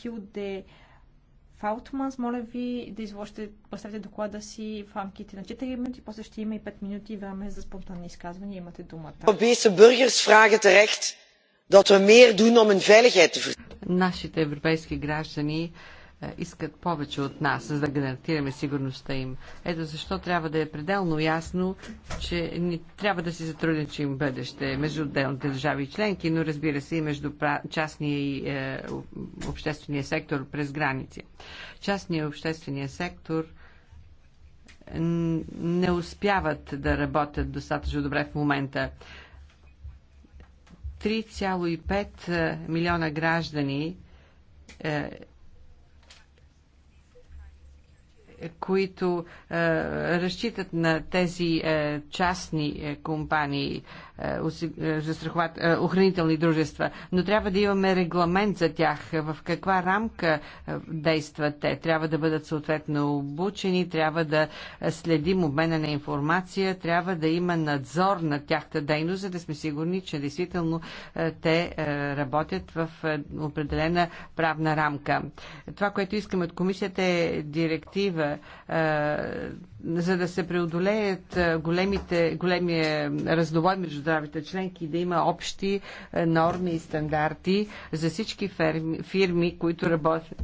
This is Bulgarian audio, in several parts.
Хилде Фаутманс. Моля ви да изложите, представите доклада си в рамките на 4 минути, после ще има и 5 минути време за спонтанни изказвания. Имате думата. Европейse burgers vragen terecht dat we meer doen om hun veiligheid te Нашите европейски граждани е, искат повече от нас, за да гарантираме сигурността им. Ето защо трябва да е пределно ясно, че ни трябва да си затрудничим бъдеще между отделните държави и членки, но разбира се и между частния и е, обществения сектор през граници. Частния и обществения сектор не успяват да работят достатъчно добре в момента. 3,5 е, милиона граждани е, които е, разчитат на тези е, частни е, компании е, е, е, охранителни дружества, но трябва да имаме регламент за тях, в каква рамка действат те. Трябва да бъдат съответно обучени, трябва да следим обмена на информация, трябва да има надзор на тяхта дейност, за да сме сигурни, че действително те работят в определена правна рамка. Това, което искаме от комисията е директива, за да се преодолеят големите, големия раздовод между държавите членки, да има общи е, норми и стандарти за всички ферми, фирми, които работят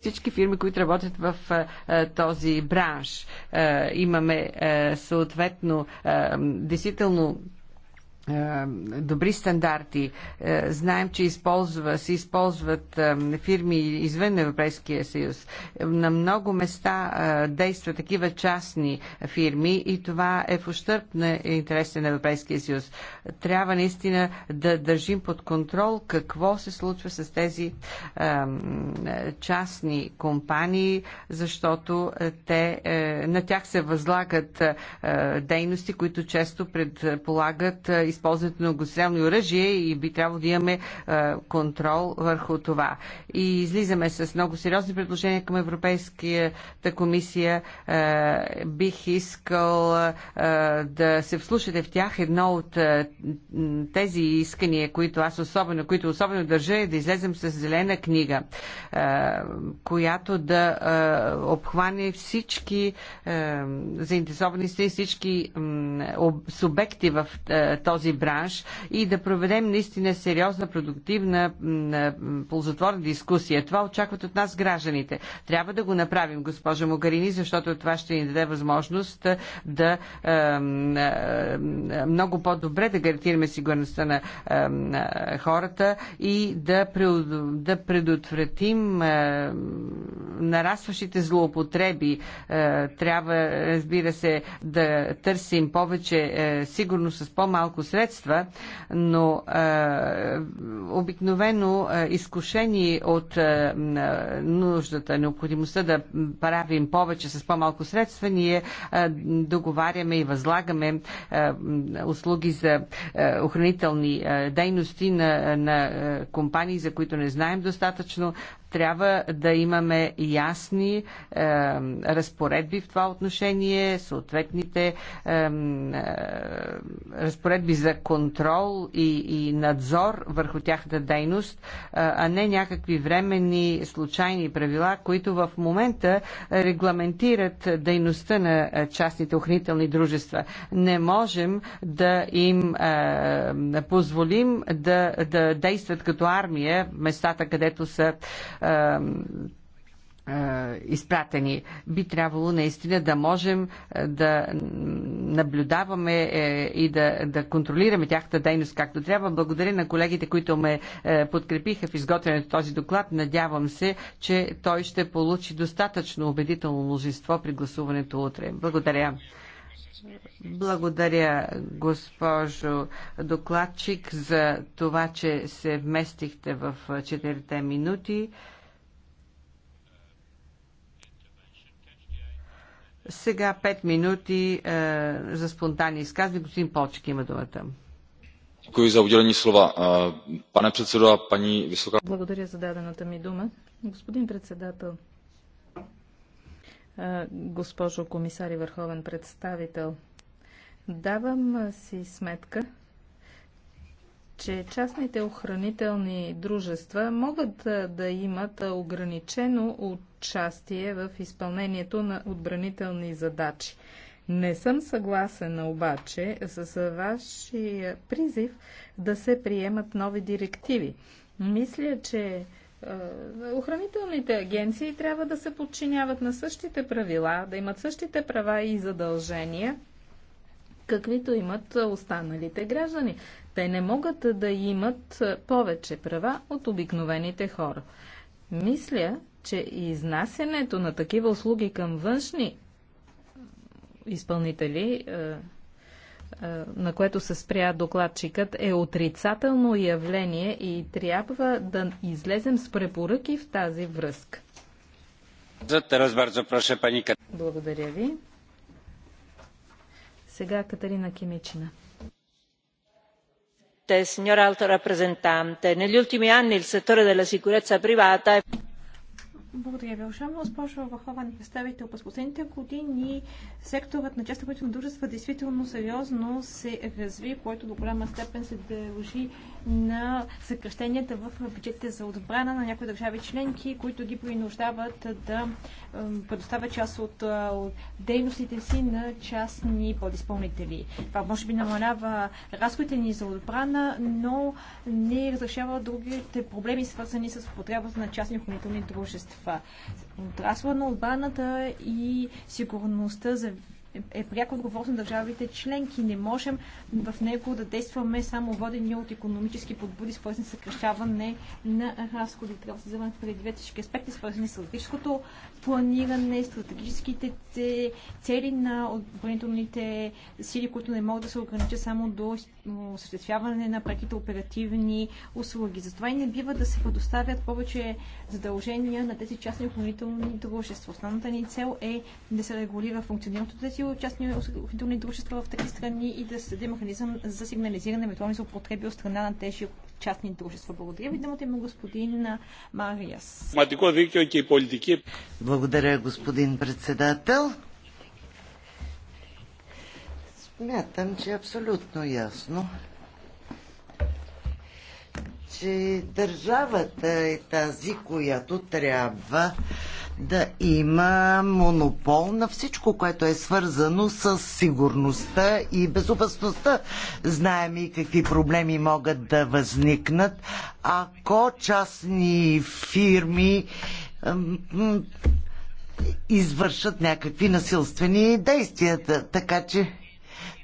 всички фирми, които работят в а, е, е, този бранш. А, имаме а, съответно а, действително е, добри стандарти. Е, знаем, че използва, се използват е, фирми извън Европейския съюз. На много места действат такива частни фирми и това е в ущърп на интересите на Европейския съюз. Трябва наистина да държим под контрол какво се случва с тези частни компании, защото те, на тях се възлагат дейности, които често предполагат и използването на огнестрелни оръжие и би трябвало да имаме контрол върху това. И излизаме с много сериозни предложения към Европейската комисия. Бих искал да се вслушате в тях. Едно от тези искания, които аз особено, които особено държа, е да излезем с зелена книга, която да обхване всички заинтересовани страни, всички субекти в този този бранш и да проведем наистина сериозна, продуктивна, ползотворна дискусия. Това очакват от нас гражданите. Трябва да го направим, госпожа Могарини, защото това ще ни даде възможност да много по-добре да гарантираме сигурността на, хората и да, да предотвратим нарастващите злоупотреби. Трябва, разбира се, да търсим повече сигурност с по-малко средства средства, но е, обикновено е, изкушени от е, нуждата, необходимостта да правим повече с по-малко средства, ние е, договаряме и възлагаме е, услуги за е, охранителни е, дейности на, на е, компании, за които не знаем достатъчно трябва да имаме ясни е, разпоредби в това отношение, съответните е, е, разпоредби за контрол и, и надзор върху тяхната дейност, е, а не някакви временни случайни правила, които в момента регламентират дейността на частните охранителни дружества. Не можем да им е, позволим да, да действат като армия в местата, където са е, изпратени. Би трябвало наистина да можем да наблюдаваме е, и да, да контролираме тяхната дейност както трябва. Благодаря на колегите, които ме е, подкрепиха в изготвянето този доклад. Надявам се, че той ще получи достатъчно убедително мнозинство при гласуването утре. Благодаря. Благодаря, госпожо докладчик, за това, че се вместихте в 4 минути. Сега 5 минути е, за спонтанни изказвания. Господин Полчик има думата. Е, Благодаря за дадената ми дума. Господин председател, е, госпожо комисар и върховен представител, давам си сметка, че частните охранителни дружества могат да имат ограничено участие в изпълнението на отбранителни задачи. Не съм съгласена обаче с вашия призив да се приемат нови директиви. Мисля, че охранителните агенции трябва да се подчиняват на същите правила, да имат същите права и задължения, каквито имат останалите граждани. Те не могат да имат повече права от обикновените хора. Мисля, че изнасянето на такива услуги към външни изпълнители, на което се спря докладчикът, е отрицателно явление и трябва да излезем с препоръки в тази връзка. Благодаря ви. Сега Кимичина. Signora alto rappresentante, negli ultimi anni il settore della sicurezza privata благодаря ви, уважаема госпожо Върховен представител. През последните години секторът на частните дружества действително сериозно се разви, което до голяма степен се дължи на съкръщенията в бюджетите за отбрана на някои държави членки, които ги принуждават да предоставят част от дейностите си на частни подиспълнители. Това може би намалява разходите ни за отбрана, но не разрешава другите проблеми, свързани с потребата на частни охранителни дружества. Това отрасла на отбраната и сигурността за е пряко отговорност на държавите членки. Не можем в него да действаме само водени от економически подбуди, свързани с съкрещаване на разходи. Трябва да се вземат предвид всички аспекти, свързани с логическото планиране, стратегическите цели на отбранителните сили, които не могат да се ограничат само до осъществяване на преките оперативни услуги. Затова и не бива да се предоставят повече задължения на тези частни охранителни дружества. Основната ни цел е да се регулира функционирането тези от частни осигурителни дружества в тези страни и да създаде механизъм за сигнализиране на евентуални злоупотреби от страна на тези частни дружества. Благодаря ви, думата има господин Мариас. Благодаря, господин председател. Смятам, че е абсолютно ясно, че държавата е тази, която трябва да има монопол на всичко, което е свързано с сигурността и безопасността. Знаем и какви проблеми могат да възникнат, ако частни фирми извършат някакви насилствени действия. Така че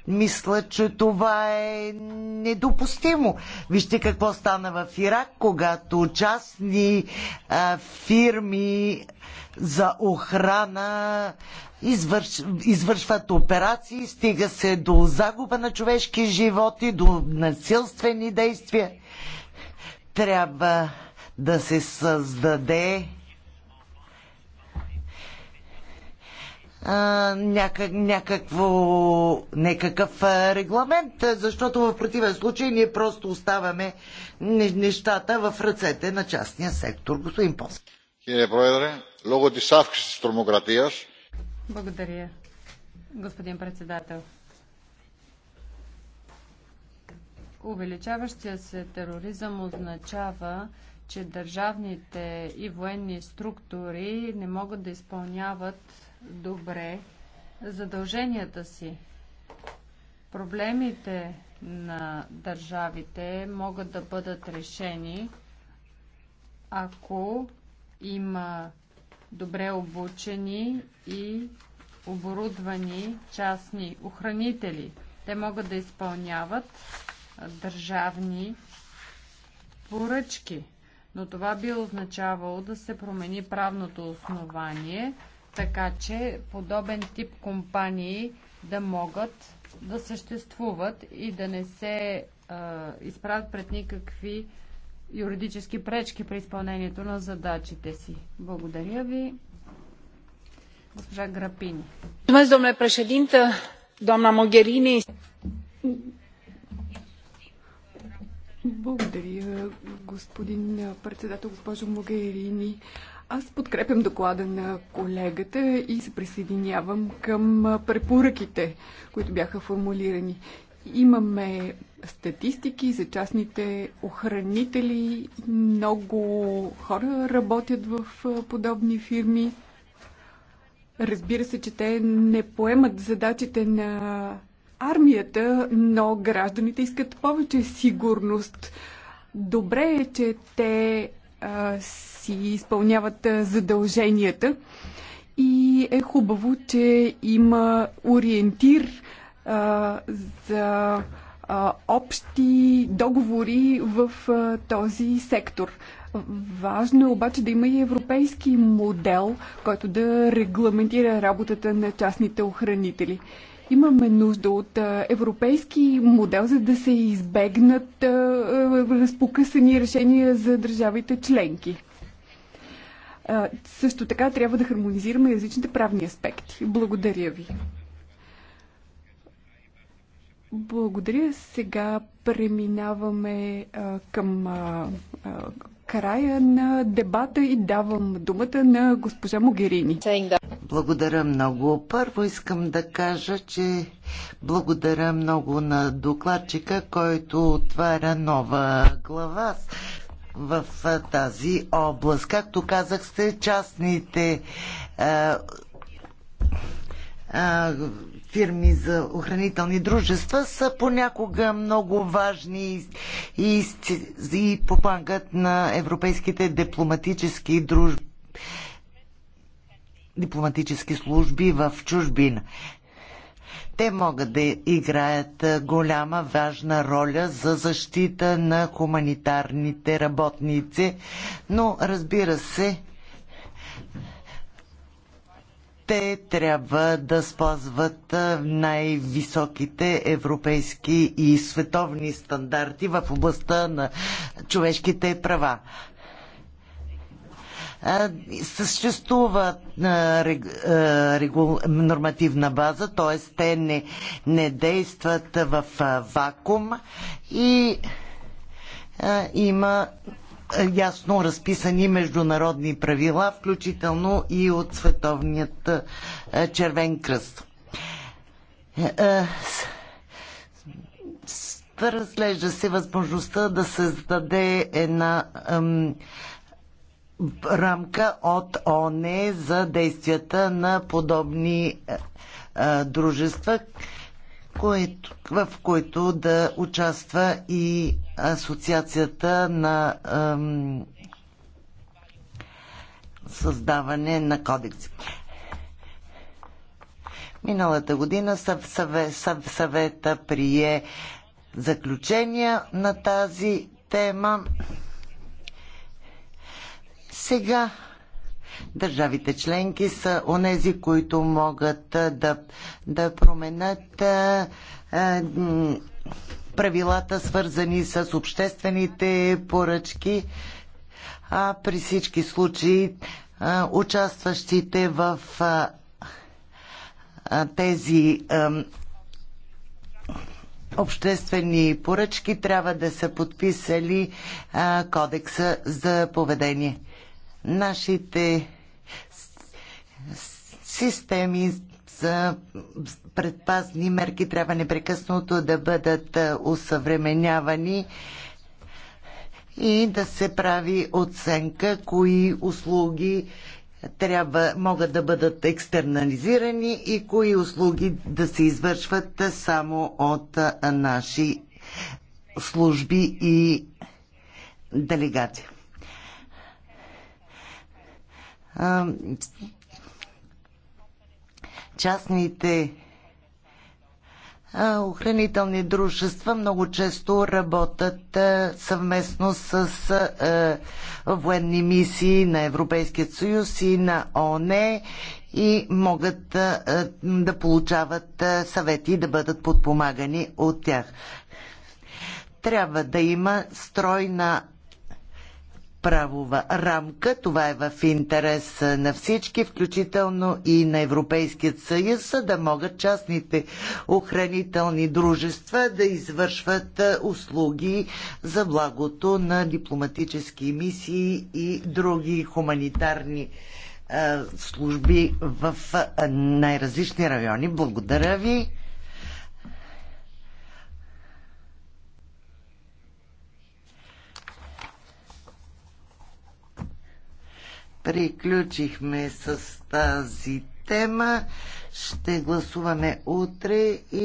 мисля, че това е недопустимо. Вижте какво стана в Ирак, когато частни а, фирми за охрана извърш, извършват операции, стига се до загуба на човешки животи, до насилствени действия. Трябва да се създаде някак, някакво, някакъв регламент, защото в противен случай ние просто оставаме нещата в ръцете на частния сектор. Господин Полски. Кире Проедре, лого ти савки с Благодаря, господин председател. Увеличаващия се тероризъм означава, че държавните и военни структури не могат да изпълняват добре задълженията си. Проблемите на държавите могат да бъдат решени, ако има добре обучени и оборудвани частни охранители. Те могат да изпълняват държавни поръчки, но това би означавало да се промени правното основание – така че подобен тип компании да могат да съществуват и да не се а, изправят пред никакви юридически пречки при изпълнението на задачите си. Благодаря ви. Госпожа Грапини. Domnule președinte, doamna Mogherini. Благодаря, господин председател, госпожо Могерини. Аз подкрепям доклада на колегата и се присъединявам към препоръките, които бяха формулирани. Имаме статистики за частните охранители. Много хора работят в подобни фирми. Разбира се, че те не поемат задачите на армията, но гражданите искат повече сигурност. Добре е, че те а, си изпълняват задълженията. И е хубаво, че има ориентир а, за а, общи договори в а, този сектор. Важно е обаче да има и европейски модел, който да регламентира работата на частните охранители. Имаме нужда от европейски модел, за да се избегнат разпокъсани решения за държавите членки. Също така трябва да хармонизираме различните правни аспекти. Благодаря ви. Благодаря. Сега преминаваме а, към а, а, края на дебата и давам думата на госпожа Могерини. Благодаря много. Първо искам да кажа, че благодаря много на докладчика, който отваря нова глава в тази област. Както казах, сте частните а, а, фирми за охранителни дружества са понякога много важни и, и, и помагат на европейските дипломатически дружби дипломатически служби в чужбина. Те могат да играят голяма важна роля за защита на хуманитарните работници, но разбира се, те трябва да спазват най-високите европейски и световни стандарти в областта на човешките права съществува нормативна база, т.е. те не, не действат в вакуум и има ясно разписани международни правила, включително и от Световният червен кръст. Е, разглежда се възможността да се създаде една рамка от ОНЕ за действията на подобни а, е, е, дружества, което, в които да участва и Асоциацията на а, създаване на кодекси. Миналата година съвета прие заключения на тази тема. Сега държавите членки са онези, които могат да, да променят а, а, правилата, свързани с обществените поръчки, а при всички случаи а, участващите в а, а, тези а, обществени поръчки трябва да са подписали а, кодекса за поведение нашите системи за предпазни мерки трябва непрекъснато да бъдат усъвременявани и да се прави оценка кои услуги трябва, могат да бъдат екстернализирани и кои услуги да се извършват само от наши служби и делегации частните охранителни дружества много често работят съвместно с военни мисии на Европейския съюз и на ООН и могат да получават съвети и да бъдат подпомагани от тях. Трябва да има стройна правова рамка. Това е в интерес на всички, включително и на Европейският съюз, за да могат частните охранителни дружества да извършват услуги за благото на дипломатически мисии и други хуманитарни служби в най-различни райони. Благодаря ви. приключихме с тази тема. Ще гласуваме утре и